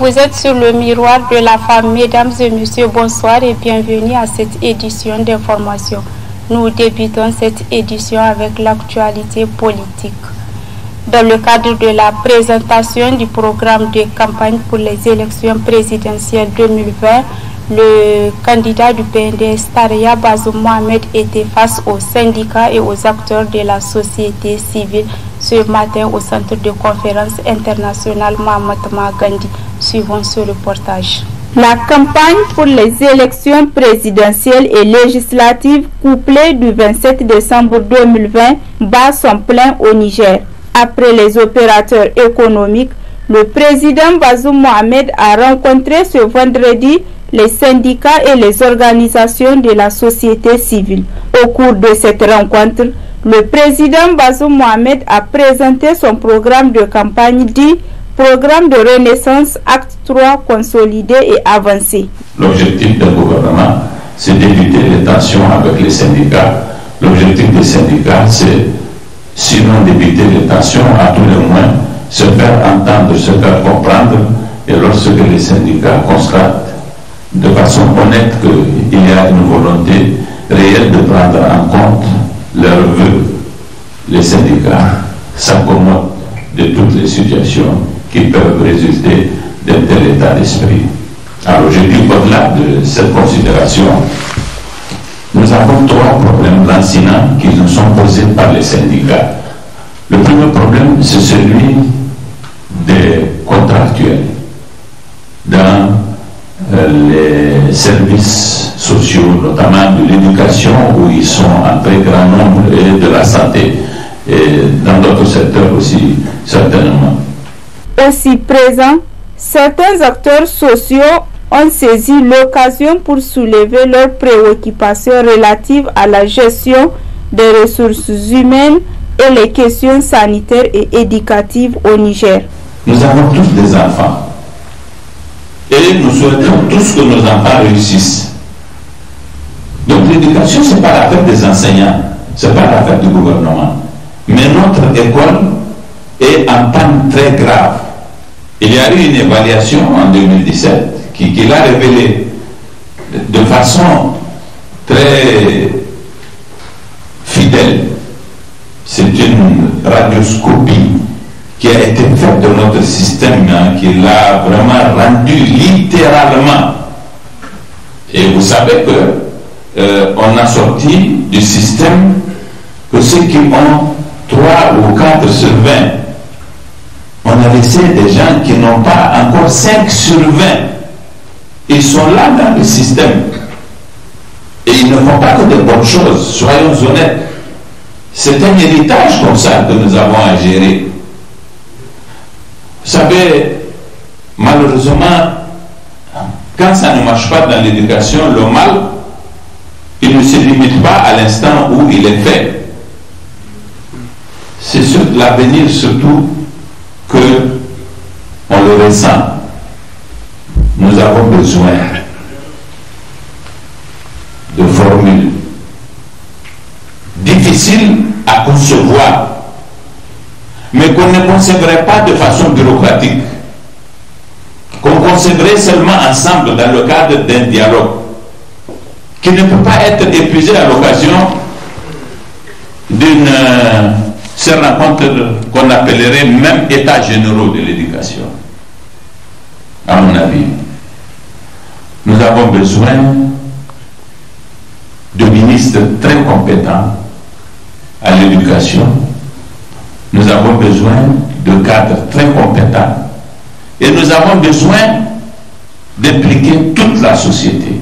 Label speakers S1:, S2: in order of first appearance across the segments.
S1: Vous êtes sur le miroir de la femme. Mesdames et messieurs, bonsoir et bienvenue à cette édition d'information. Nous débutons cette édition avec l'actualité politique. Dans le cadre de la présentation du programme de campagne pour les élections présidentielles 2020, le candidat du PND, Staria Bazoum Mohamed, était face aux syndicats et aux acteurs de la société civile ce matin au centre de conférence internationale Mohamed Gandhi Suivons ce reportage. La campagne pour les élections présidentielles et législatives couplées du 27 décembre 2020 bat son plein au Niger. Après les opérateurs économiques, le président Bazoum Mohamed a rencontré ce vendredi les syndicats et les organisations de la société civile. Au cours de cette rencontre, le président Bazoum Mohamed a présenté son programme de campagne dit Programme de renaissance, acte 3 consolidé et avancé. L'objectif
S2: du gouvernement, c'est d'éviter les tensions avec les syndicats. L'objectif des syndicats, c'est, sinon d'éviter les tensions, à tous les moins, se faire entendre, se faire comprendre. Et lorsque les syndicats constatent de façon honnête qu'il y a une volonté réelle de prendre en compte leur vœu, les syndicats s'accommodent de toutes les situations qui peuvent résulter d'un tel état d'esprit. Alors je dis au-delà de cette considération, nous avons trois problèmes lancinants qui nous sont posés par les syndicats. Le premier problème, c'est celui des contractuels dans euh, les services sociaux, notamment de l'éducation, où ils sont un très grand nombre, et de la santé, et dans d'autres secteurs aussi, certainement.
S1: Aussi présents, certains acteurs sociaux ont saisi l'occasion pour soulever leurs préoccupations relatives à la gestion des ressources humaines et les questions sanitaires et éducatives au Niger. Nous
S2: avons tous des enfants et nous souhaitons tous que nos enfants réussissent l'éducation, ce n'est pas l'affaire des enseignants, ce n'est pas l'affaire du gouvernement. Mais notre école est en panne très grave. Il y a eu une évaluation en 2017 qui, qui l'a révélé de façon très fidèle. C'est une radioscopie qui a été faite de notre système, hein, qui l'a vraiment rendu littéralement. Et vous savez que euh, on a sorti du système que ceux qui ont 3 ou 4 sur 20, on a laissé des gens qui n'ont pas encore 5 sur 20. Ils sont là dans le système. Et ils ne font pas que de bonnes choses, soyons honnêtes. C'est un héritage comme ça que nous avons à gérer. Vous savez, malheureusement, quand ça ne marche pas dans l'éducation, le mal il ne se limite pas à l'instant où il est fait. C'est sur l'avenir surtout que on le ressent. Nous avons besoin de formules difficiles à concevoir, mais qu'on ne concevrait pas de façon bureaucratique, qu'on concevrait seulement ensemble dans le cadre d'un dialogue. Il ne peut pas être épuisé à l'occasion d'une cette euh, rencontre qu'on appellerait même état généraux de l'éducation. À mon avis, nous avons besoin de ministres très compétents à l'éducation. Nous avons besoin de cadres très compétents. Et nous avons besoin d'impliquer toute la société.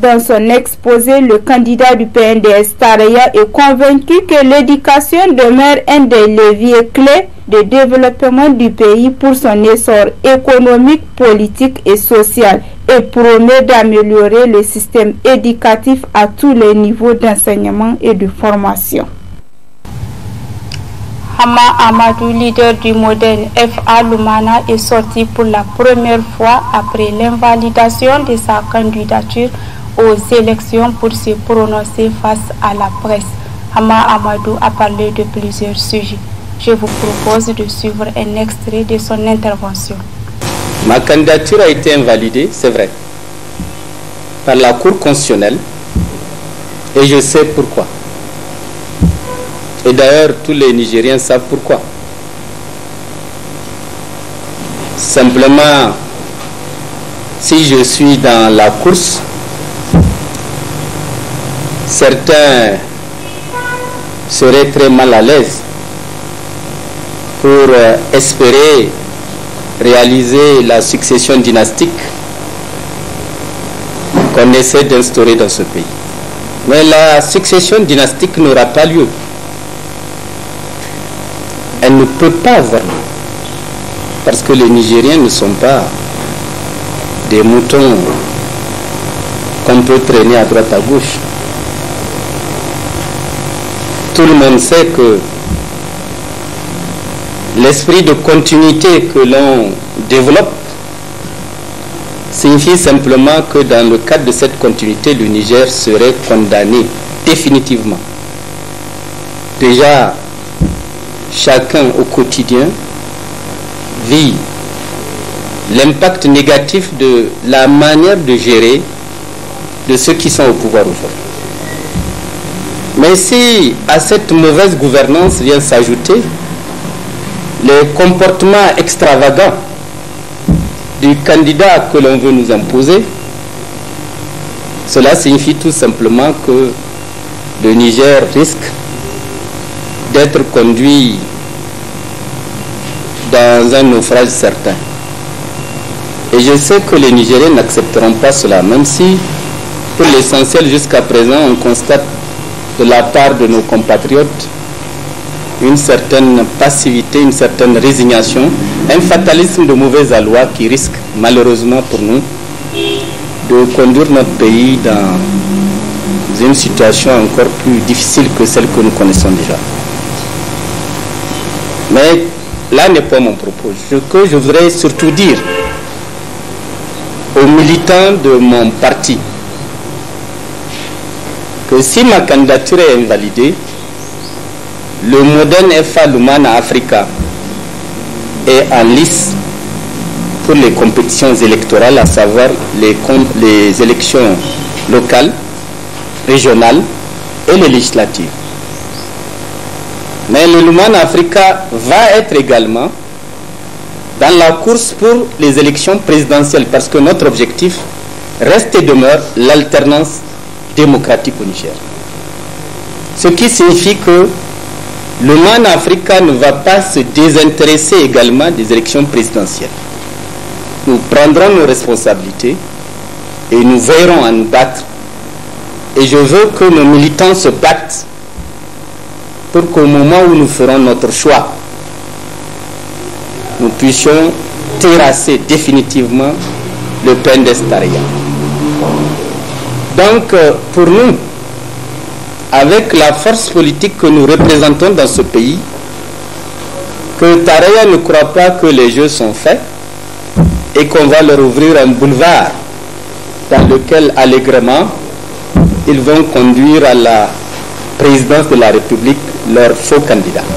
S1: Dans son exposé, le candidat du PNDS Taraya est convaincu que l'éducation demeure un des leviers clés de développement du pays pour son essor économique, politique et social et promet d'améliorer le système éducatif à tous les niveaux d'enseignement et de formation. Ama Amadou, leader du modèle FA Lumana, est sorti pour la première fois après l'invalidation de sa candidature aux élections pour se prononcer face à la presse. Ama Amadou a parlé de plusieurs sujets. Je vous propose de suivre un extrait de son intervention.
S3: Ma candidature a été invalidée, c'est vrai, par la Cour constitutionnelle et je sais pourquoi. Et d'ailleurs, tous les Nigériens savent pourquoi. Simplement, si je suis dans la course, certains seraient très mal à l'aise pour euh, espérer réaliser la succession dynastique qu'on essaie d'instaurer dans ce pays. Mais la succession dynastique n'aura pas lieu ne peut pas vraiment. Parce que les Nigériens ne sont pas des moutons qu'on peut traîner à droite à gauche. Tout le monde sait que l'esprit de continuité que l'on développe signifie simplement que dans le cadre de cette continuité, le Niger serait condamné définitivement. Déjà, chacun au quotidien vit l'impact négatif de la manière de gérer de ceux qui sont au pouvoir aujourd'hui. Mais si à cette mauvaise gouvernance vient s'ajouter les comportements extravagants du candidat que l'on veut nous imposer, cela signifie tout simplement que le Niger risque d'être conduit un naufrage certain. Et je sais que les Nigériens n'accepteront pas cela, même si, pour l'essentiel, jusqu'à présent, on constate de la part de nos compatriotes une certaine passivité, une certaine résignation, un fatalisme de mauvaise loi qui risque malheureusement pour nous de conduire notre pays dans une situation encore plus difficile que celle que nous connaissons déjà. Mais Là n'est pas mon propos. Ce que je voudrais surtout dire aux militants de mon parti, que si ma candidature est invalidée, le modèle FA Lumana Africa est en lice pour les compétitions électorales, à savoir les, élections locales, régionales et législatives. Mais le Loumane Africa va être également dans la course pour les élections présidentielles parce que notre objectif reste et demeure l'alternance démocratique au Niger. Ce qui signifie que le MAN Africa ne va pas se désintéresser également des élections présidentielles. Nous prendrons nos responsabilités et nous veillerons à nous battre. Et je veux que nos militants se battent pour qu'au moment où nous ferons notre choix, nous puissions terrasser définitivement le d'Estaria. Donc, euh, pour nous, avec la force politique que nous représentons dans ce pays, que Taraya ne croit pas que les jeux sont faits et qu'on va leur ouvrir un boulevard dans lequel, allègrement, ils vont conduire à la présidence de la République leurs faux candidats.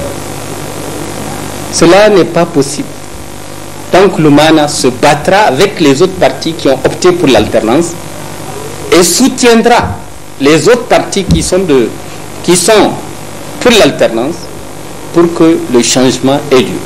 S3: Cela n'est pas possible. Donc l'Umana se battra avec les autres partis qui ont opté pour l'alternance et soutiendra les autres partis qui sont, de, qui sont pour l'alternance pour que le changement ait lieu.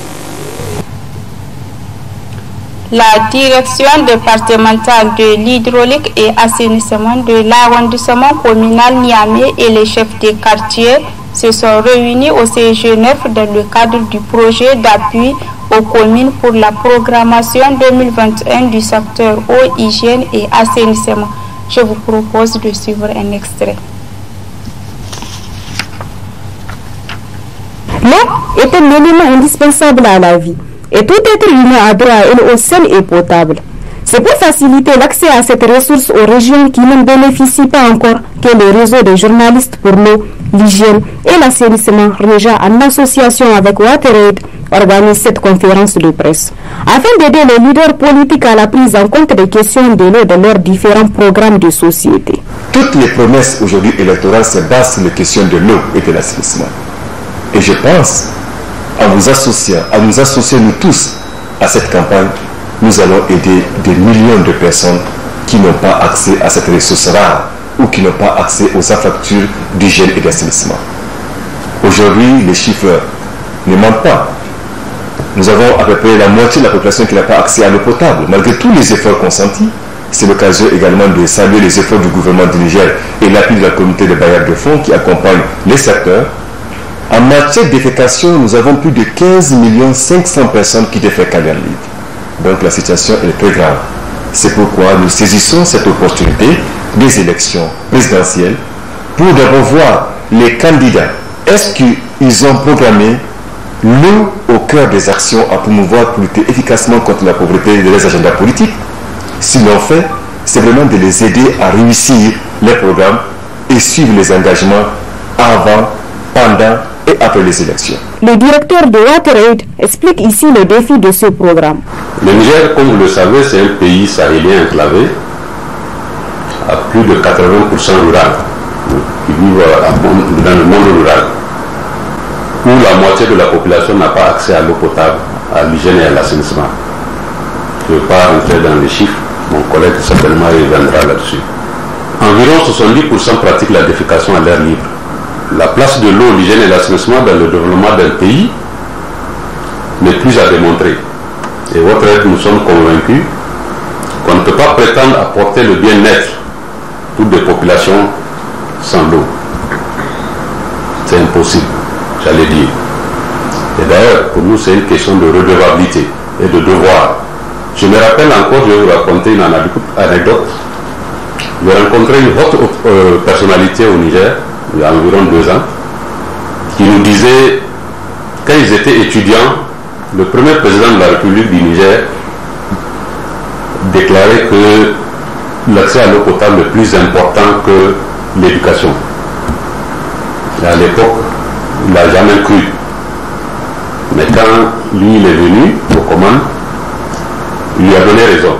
S1: La direction départementale de l'hydraulique et assainissement de l'arrondissement communal Niamey et les chefs des quartiers se sont réunis au CG9 dans le cadre du projet d'appui aux communes pour la programmation 2021 du secteur eau, hygiène et assainissement. Je vous propose de suivre un extrait.
S4: L'eau est un élément indispensable à la vie et tout être humain a droit à une eau saine et potable. C'est pour faciliter l'accès à cette ressource aux régions qui ne bénéficient pas encore que le réseau de journalistes pour l'eau, l'hygiène et l'assainissement Réja en association avec WaterAid organise cette conférence de presse. Afin d'aider les leaders politiques à la prise en compte des questions de l'eau dans leurs différents programmes de société.
S5: Toutes les promesses aujourd'hui électorales se basent sur les questions de l'eau et de l'assainissement. Et je pense, à nous associer, à nous associer nous tous à cette campagne, nous allons aider des millions de personnes qui n'ont pas accès à cette ressource rare ou qui n'ont pas accès aux infrastructures d'hygiène et d'assainissement. Aujourd'hui, les chiffres ne mentent pas. Nous avons à peu près la moitié de la population qui n'a pas accès à l'eau potable, malgré tous les efforts consentis. C'est l'occasion également de saluer les efforts du gouvernement du Niger et l'appui de la communauté de bailleurs de fonds qui accompagne les secteurs. En matière d'effectation, nous avons plus de 15 500 personnes qui défèquent à l'air libre. Donc la situation est très grave. C'est pourquoi nous saisissons cette opportunité des élections présidentielles pour d'abord voir les candidats. Est-ce qu'ils ont programmé l'eau au cœur des actions à promouvoir pour lutter efficacement contre la pauvreté et les agendas politiques S'ils l'ont fait, c'est vraiment de les aider à réussir les programmes et suivre les engagements avant,
S4: pendant
S6: après les élections.
S4: Le directeur de WaterAid explique ici le défi de ce programme.
S6: Le Niger, comme vous le savez, c'est un pays sahélien enclavé à plus de 80% rural, qui vivent dans le monde rural, où la moitié de la population n'a pas accès à l'eau potable, à l'hygiène et à l'assainissement. Je ne veux pas rentrer dans les chiffres, mon collègue certainement reviendra là-dessus. Environ 70% pratiquent la défécation à l'air libre la place de l'eau, l'hygiène et l'assainissement dans le développement d'un pays n'est plus à démontrer. Et votre aide, nous sommes convaincus qu'on ne peut pas prétendre apporter le bien-être toutes des populations sans l'eau. C'est impossible, j'allais dire. Et d'ailleurs, pour nous, c'est une question de redevabilité et de devoir. Je me rappelle encore, je vais vous raconter une anecdote. J'ai rencontré une autre euh, personnalité au Niger il y a environ deux ans, qui nous disait, quand ils étaient étudiants, le premier président de la République du Niger déclarait que l'accès à l'eau potable est plus important que l'éducation. À l'époque, il n'a jamais cru. Mais quand lui, il est venu au commandes, il lui a donné raison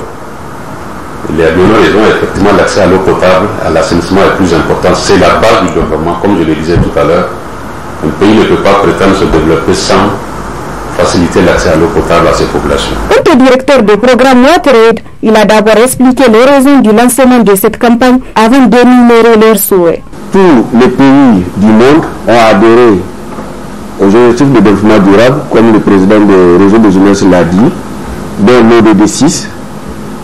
S6: la bonne raisons. effectivement, l'accès à l'eau potable, à l'assainissement est plus important. C'est la base du gouvernement, comme je le disais tout à l'heure. Un pays ne peut pas prétendre se développer sans faciliter l'accès à l'eau potable à ses populations.
S4: Autre directeur de programme WaterAid, il a d'abord expliqué les raisons du lancement de cette campagne avant d'énumérer leurs souhaits. Tous les pays du monde ont
S7: adhéré aux objectifs de développement durable, comme le président la réseau de jeunesses l'a dit, dans le 6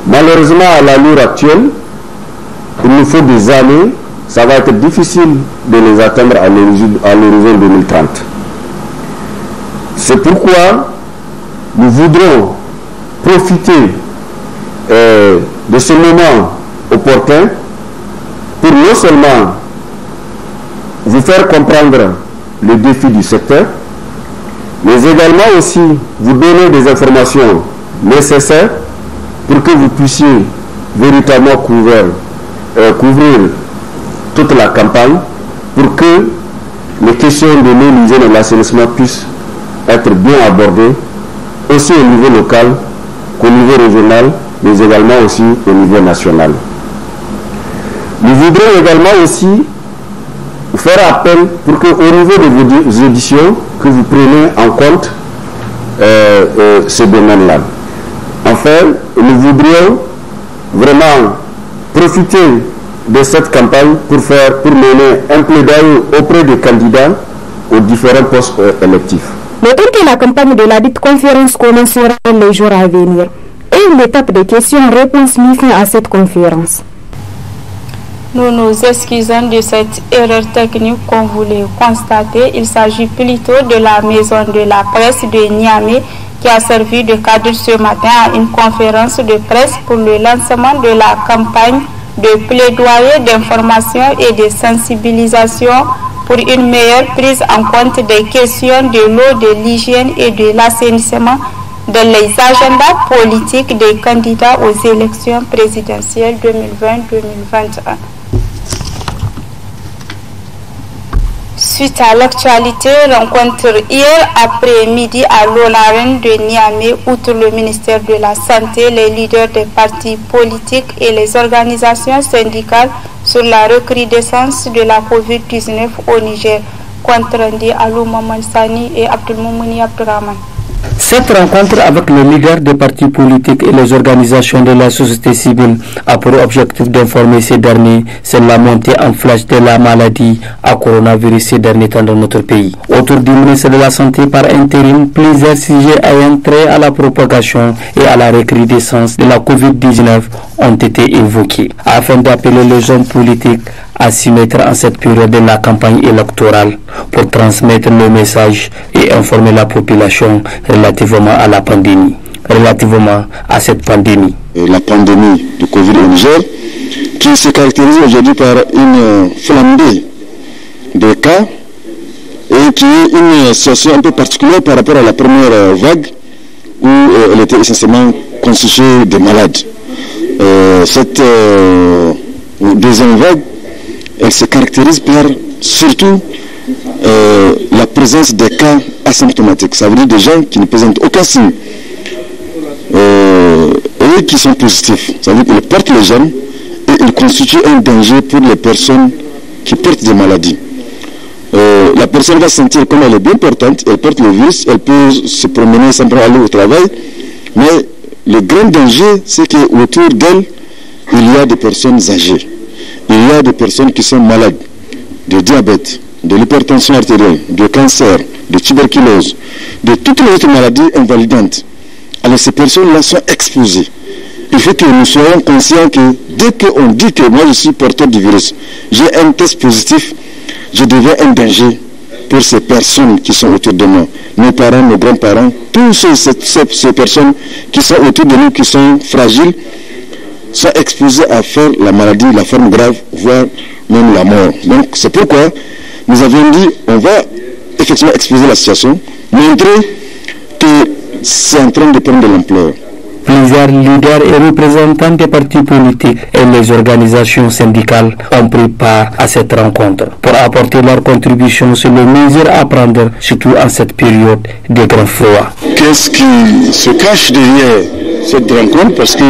S7: Malheureusement, à l'allure actuelle, il nous faut des années, ça va être difficile de les atteindre à l'horizon 2030. C'est pourquoi nous voudrons profiter euh, de ce moment opportun pour non seulement vous faire comprendre le défi du secteur, mais également aussi vous donner des informations nécessaires pour que vous puissiez véritablement euh, couvrir, toute la campagne, pour que les questions de l'eau, l'hygiène de l'assainissement puissent être bien abordées, aussi au niveau local qu'au niveau régional, mais également aussi au niveau national. Nous voudrions également aussi faire appel pour qu'au niveau de vos éditions, que vous preniez en compte euh, euh, ce domaine-là nous voudrions vraiment profiter de cette campagne pour faire, pour mener un plaidoyer auprès des candidats aux différents postes euh, électifs.
S4: Notons que la campagne de la dite conférence commencera les jours à venir et une étape de questions-réponses mise à cette conférence.
S1: Nous nous excusons de cette erreur technique qu'on voulait constater. Il s'agit plutôt de la maison de la presse de Niamey qui a servi de cadre ce matin à une conférence de presse pour le lancement de la campagne de plaidoyer d'information et de sensibilisation pour une meilleure prise en compte des questions de l'eau, de l'hygiène et de l'assainissement dans les agendas politiques des candidats aux élections présidentielles 2020-2021. suite à l'actualité, rencontre hier après-midi à l'Onaren de Niamey, outre le ministère de la Santé, les leaders des partis politiques et les organisations syndicales sur la recrudescence de la COVID-19 au Niger, contre à Alou Mamansani et Abdelmoumouni Abdelrahman.
S7: Cette rencontre avec les
S8: leaders des partis politiques et les organisations de la société civile a pour objectif d'informer ces derniers sur la montée en flash de la maladie à coronavirus ces derniers temps dans notre pays. Autour du ministre de la Santé par intérim, plusieurs sujets ayant trait à la propagation et à la recrudescence de la COVID-19 ont été évoqués afin d'appeler les hommes politiques à s'y mettre en cette période de la campagne électorale pour transmettre nos messages et informer la population relativement à la pandémie, relativement à cette pandémie. La pandémie de Covid 19 qui
S9: se caractérise aujourd'hui par une euh, flambée de cas et qui est une euh, situation un peu particulière par rapport à la première euh, vague où elle était essentiellement constituée de malades. cette deuxième vague elle se caractérise par surtout euh, la présence des cas asymptomatiques. Ça veut dire des gens qui ne présentent aucun signe. Euh, et qui sont positifs. Ça veut dire qu'ils portent les gènes et ils constituent un danger pour les personnes qui portent des maladies. Euh, la personne va sentir comme elle est bien portante, elle porte le virus, elle peut se promener sans aller au travail, mais le grand danger, c'est qu'autour d'elle, il y a des personnes âgées il y a des personnes qui sont malades de diabète, de l'hypertension artérielle, de cancer, de tuberculose, de toutes les autres maladies invalidantes. Alors ces personnes-là sont exposées. Il faut que nous soyons conscients que dès qu'on dit que moi je suis porteur du virus, j'ai un test positif, je deviens un danger pour ces personnes qui sont autour de moi, mes parents, mes grands-parents, toutes ces personnes qui sont autour de nous, qui sont fragiles, sont exposés à faire la maladie, la forme grave, voire même la mort. Donc c'est pourquoi nous avons dit on va effectivement exposer la situation, montrer que c'est en train de prendre de l'ampleur.
S8: Plusieurs leaders et représentants des partis politiques et les organisations syndicales ont pris part à cette rencontre pour apporter leur contribution sur les mesures à prendre, surtout en cette période de grand froid. Qu'est-ce qui se cache
S9: derrière cette rencontre Parce que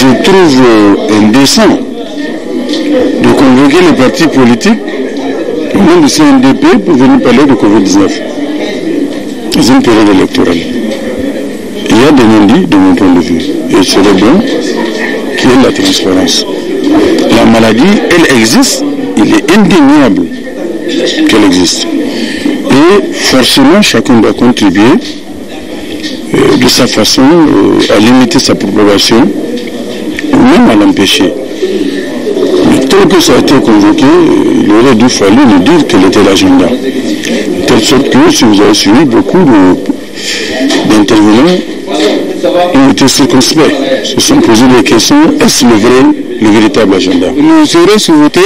S9: je trouve euh, indécent de convoquer les partis politiques au nom du CNDP pour venir parler de Covid-19 dans une période électorale. Il y a des non de mon point de vue. Et c'est le bon qui est la transparence. La maladie, elle existe, il est indéniable qu'elle existe. Et forcément, chacun doit contribuer euh, de sa façon euh, à limiter sa propagation même à l'empêcher. Mais Tant que ça a été convoqué, il aurait dû falloir nous dire quel était l'agenda. De telle sorte que, si vous avez suivi, beaucoup d'intervenants ont été circonspects, se sont posés des questions, est-ce le vrai, le véritable agenda Nous aurions souhaité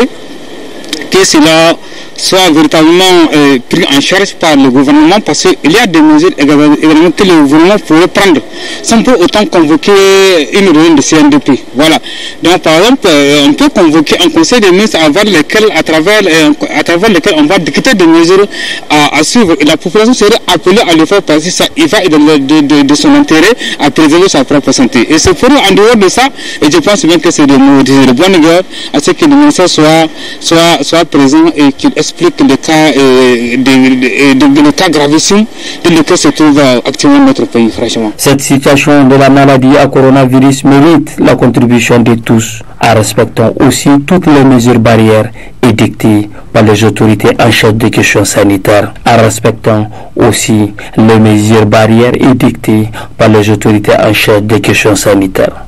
S9: que cela soit véritablement euh, pris en charge par le gouvernement parce qu'il y a des mesures également que le gouvernement pourrait prendre sans pour autant convoquer une réunion de CNDP. Voilà. Donc par exemple, euh, on peut convoquer un conseil des ministres à, travers, à travers euh, lequel on va dicter des mesures à, suivre et la population serait appelée à le faire parce que ça y va de, de, son intérêt à préserver sa propre santé. Et c'est pour en dehors de ça, et je pense bien que c'est de, de, de bonne guerre à ce que le ministère soit, soit, soit présent et qu'il explique le de, lequel se trouve euh, actuellement notre pays,
S1: franchement.
S8: Cette situation de la maladie à coronavirus mérite la contribution de tous en respectant aussi toutes les mesures barrières édictées par les autorités en charge des questions sanitaires, en respectant aussi les mesures barrières édictées par les autorités en charge des questions sanitaires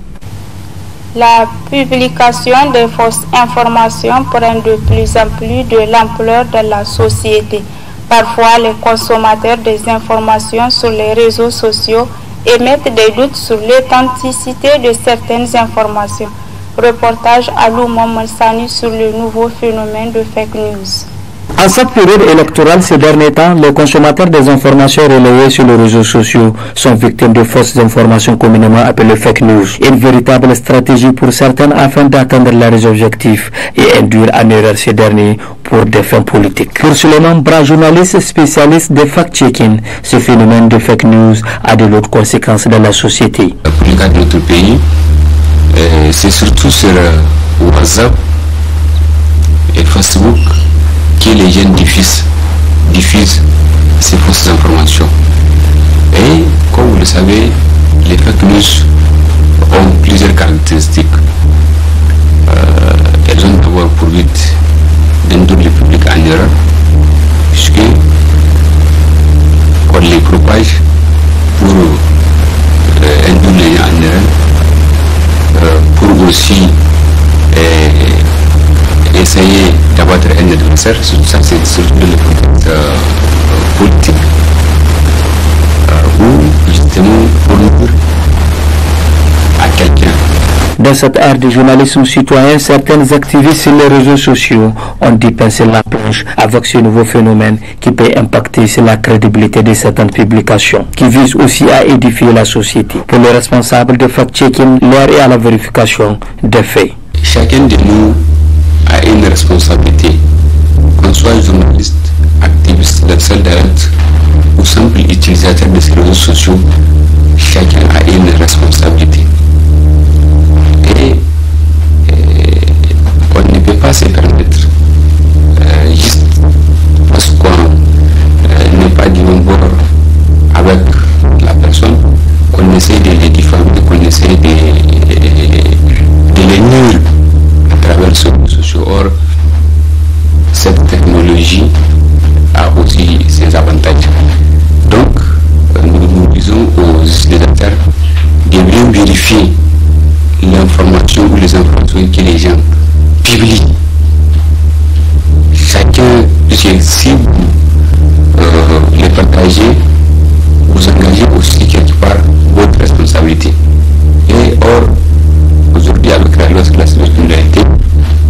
S1: la publication de fausses informations prend de plus en plus de l'ampleur dans la société. Parfois, les consommateurs des informations sur les réseaux sociaux émettent des doutes sur l'authenticité de certaines informations. Reportage à Lou sur le nouveau phénomène de fake news.
S7: En cette
S8: période électorale, ces derniers temps, les consommateurs des informations relayées sur les réseaux sociaux sont victimes de fausses informations communément appelées fake news. Une véritable stratégie pour certaines afin d'atteindre leurs objectifs et induire en erreur ces derniers pour des fins politiques. Pour bras Bra, journaliste spécialiste de fact-checking, ce phénomène de fake news a de lourdes conséquences dans la société.
S10: dans d'autres pays, euh, c'est surtout sur euh, WhatsApp et Facebook que les jeunes diffusent, ces fausses informations. Et comme vous le savez, les fake news ont plusieurs caractéristiques. Euh,
S8: Dans cette art du journalisme citoyen, certains activistes sur les réseaux sociaux ont dépensé la planche avec ce nouveau phénomène qui peut impacter sur la crédibilité de certaines publications, qui visent aussi à édifier la société. Pour les responsables de fact-checking, l'heure est à la vérification des faits.
S10: Chacun de nous a une responsabilité possession et si euh, les partagez, vous engagez aussi quelque part votre responsabilité. Et or, aujourd'hui, avec la loi de la sécurité,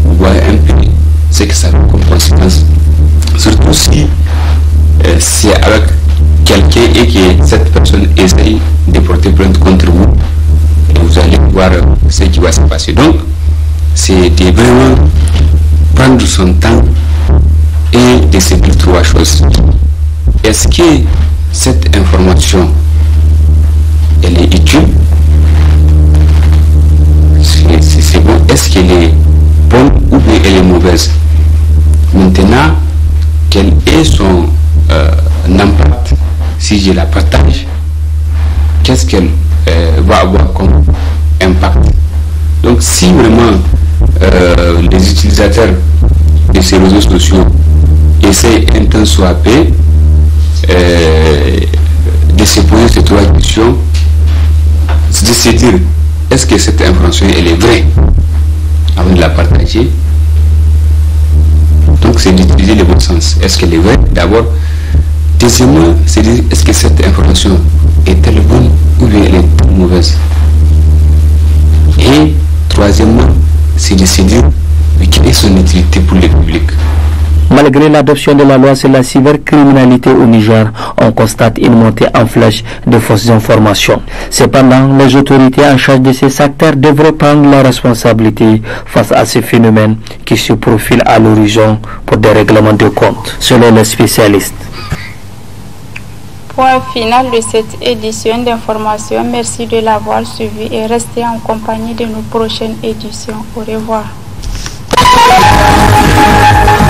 S10: vous voyez un peu ce que ça a comme conséquence. Surtout si c'est euh, avec quelqu'un et que cette personne essaye de porter plainte contre vous, vous allez voir ce qui va se passer. Donc, Est-ce que cette information, elle est utile C'est Est-ce qu'elle est bonne ou elle est mauvaise Maintenant, quel est son euh, impact si je la partage Qu'est-ce qu'elle euh, va avoir comme impact Donc si vraiment euh, les utilisateurs de ces réseaux sociaux essaye un temps soit euh, de se poser ces trois questions, de se dire est-ce que cette information elle est vraie avant de la partager. Donc c'est d'utiliser le bon sens. Est-ce qu'elle est vraie d'abord Deuxièmement, c'est de dire est-ce que cette information est-elle bonne ou elle est mauvaise Et troisièmement, c'est de se dire quelle est son utilité pour le public
S8: Malgré l'adoption de la loi sur la cybercriminalité au Niger, on constate une montée en flèche de fausses informations. Cependant, les autorités en charge de ces acteurs devraient prendre leurs responsabilités face à ces phénomènes qui se profilent à l'horizon pour des règlements de compte, selon les spécialistes.
S1: Point final de cette édition d'information. Merci de l'avoir suivi et restez en compagnie de nos prochaines éditions. Au revoir.